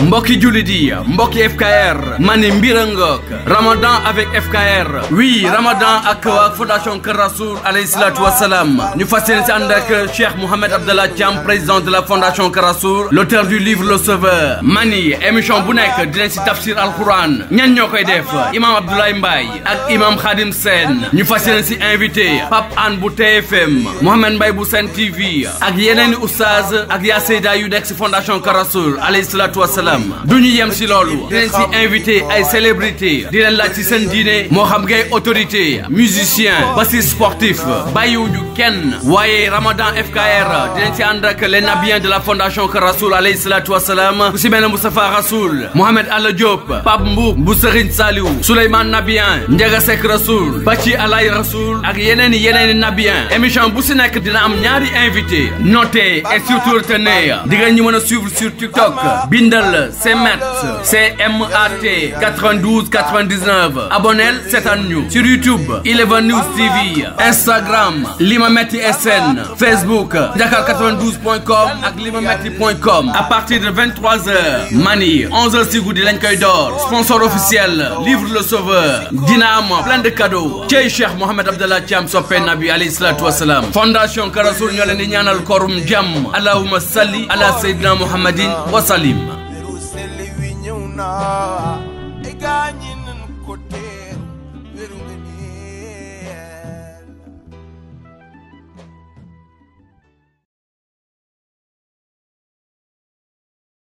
Mboki Julidi, Mboki FKR Mani Mbirengok, ramadan avec FKR oui ramadan ak fondation Karasour, alayhi toi salam. nous ñu le Mohamed Cheikh président de la fondation Karasour, l'auteur du livre Le Sauveur Mani, émission bu nekk tafsir al ñan Nyan imam Abdoulaye Mbaye ak imam Khadim Sen, nous facilitons invité Pape Anne Bouté FM, Mohamed Mbaye bu TV ak yeneen Oussaz, ak Yudex fondation Karasour, alayhi toi Duni du ñu yem invité ay célébrité di leen laaj ci seen autorité musicien Bassiste sportif. sportif du kenn waaye Ramadan FKR dinañ si les nabiens de la fondation que Rasoul alayhi salaatu salam. ku si Rasoul Mohamed Alla Diop Pape Mboup bu Serigne Saliou Souleymane Nabien Ndiaga Rasoul Bachi Alay Rasoul ak yeneen nabiens. Boussinek. nabien émission dina am invité notez et surtout retenez di nga ñu suivons suivre sur TikTok bindal c'est mat c'est M-A-T 92 99. Abonnez-le, c'est à Sur YouTube, Eleven News TV, Instagram, Limamati SN, Facebook, dakar92.com ak A À partir de 23h, Mani, 11h si de lañ koy Sponsor officiel, Livre le Sauveur, Dynamo, plein de cadeaux. Cheikh Mohamed Abdallah Thiam Nabi alayhi salatu wassalam. Fondation Karasour ñoo al al korum Djam Allahumma salli ala sayyidina Muhammadin wa you know.